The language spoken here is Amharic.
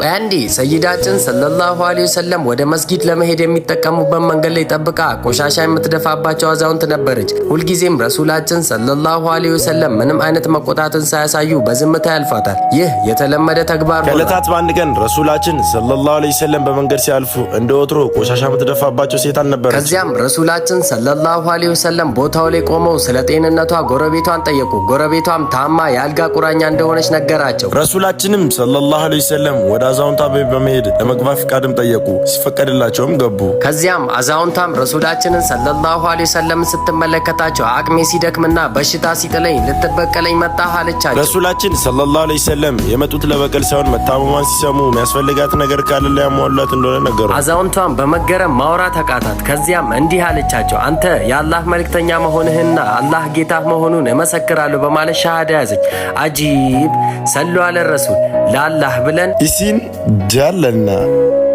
ቆይ አንዴ ሰይዳችን ሰለላሁ ዐለይሂ ወሰለም ወደ መስጊድ ለመሄድ የሚጠቀሙበት መንገድ ላይ ጠብቃ ቆሻሻ የምትደፋባቸው አዛውንት ነበረች። ሁልጊዜም ረሱላችን ሰለላሁ ዐለይሂ ወሰለም ምንም አይነት መቆጣትን ሳያሳዩ በዝምታ ያልፋታል። ይህ የተለመደ ተግባር። ነው። ከዕለታት በአንድ ቀን ረሱላችን ሰለላሁ ዐለይሂ ወሰለም በመንገድ ሲያልፉ እንደ ወትሮ ቆሻሻ የምትደፋባቸው ሴት አልነበረች። ከዚያም ረሱላችን ሰለላሁ ዐለይሂ ወሰለም ቦታው ላይ ቆመው ስለ ጤንነቷ ጎረቤቷን ጠየቁ። ጎረቤቷም ታማ የአልጋ ቁራኛ እንደሆነች ነገራቸው። ረሱላችንም ሰለላሁ ዐለይሂ ወሰለም ወደ አዛውንታ ቤት በመሄድ ለመግባት ፍቃድም ጠየቁ። ሲፈቀድላቸውም ገቡ። ከዚያም አዛውንታም ረሱላችንን ሰለላሁ ዐለይሂ ወሰለም ስትመለከታቸው አቅሜ ሲደክምና በሽታ ሲጥለኝ ልትበቀለኝ መጣህ አለቻቸው። ረሱላችን ሰለላሁ ዐለይሂ ወሰለም የመጡት ለበቀል ሳይሆን መታመሟን ሲሰሙ የሚያስፈልጋት ነገር ካለ ላይ ያሟሏት እንደሆነ ነገሩ። አዛውንቷም በመገረም ማውራት አቃታት። ከዚያም እንዲህ አለቻቸው፣ አንተ የአላህ መልክተኛ መሆንህና አላህ ጌታ መሆኑን እመሰክራለሁ በማለት ሻሃዳ ያዘች። አጂብ ሰሉ አለ ረሱል ለአላህ ብለን ጃለና